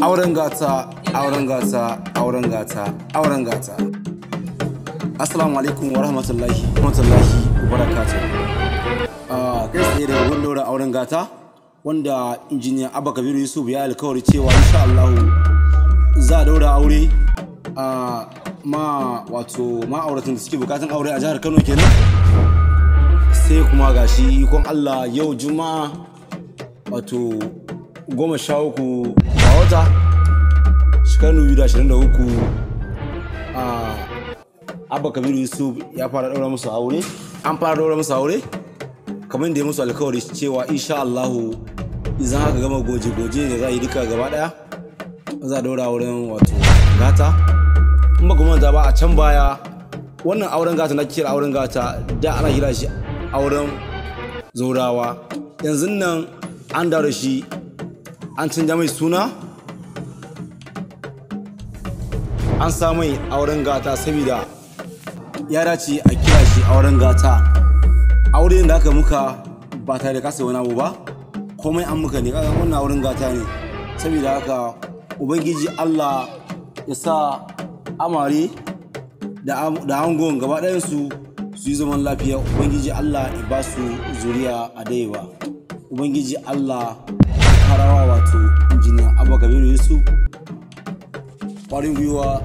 auren gata auren gata auren gata auren gata assalamu alaikum wa rahmatullahi wa rahmatullahi wa barakatuh ah, kai tsaye da gudun daura auren gata wanda injiniya abba kabiru yusuf ya alkawari cewa insha allahu za a daura aure a ah, ma wato ma auratun da suke bukatun aure a jihar kano kenan sai kuma gashi ikon allah yau juma'a wato goma sha uku a wata shekaru dubu da ashirin da uku a abba kabiru yusuf ya fara daura musu aure an fara daura musu aure kamar da ya musu alkawari cewa insha allahu idan haka gama goje-goje da za a yi duka gaba ɗaya za a daura wurin wato gata in ba kuma da ba a can baya wannan auren gata na kira auren gata da ana kira shi auren zaurawa yanzu nan an dawo da shi an canja mai suna an samai mai auren gata saboda ya dace a kira shi auren gata aure da aka muka ba tare da kasa wani abu ba komai an muka ne kaga wannan auren gata ne saboda haka ubangiji allah ya sa amare da hangon gaba ɗayansu su yi zaman lafiya ubangiji allah ya ba su zuriya a daiba ubangiji allah harawa wato injiniya abba gabiru yusuf kwarin gwiwa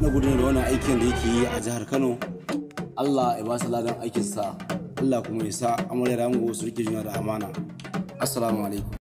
na gudunar da wani aikin da yake yi a jihar kano allah ya ba su ladan aikinsa allah kuma ya sa amarya rango su rike juna da amana assalamu alaikum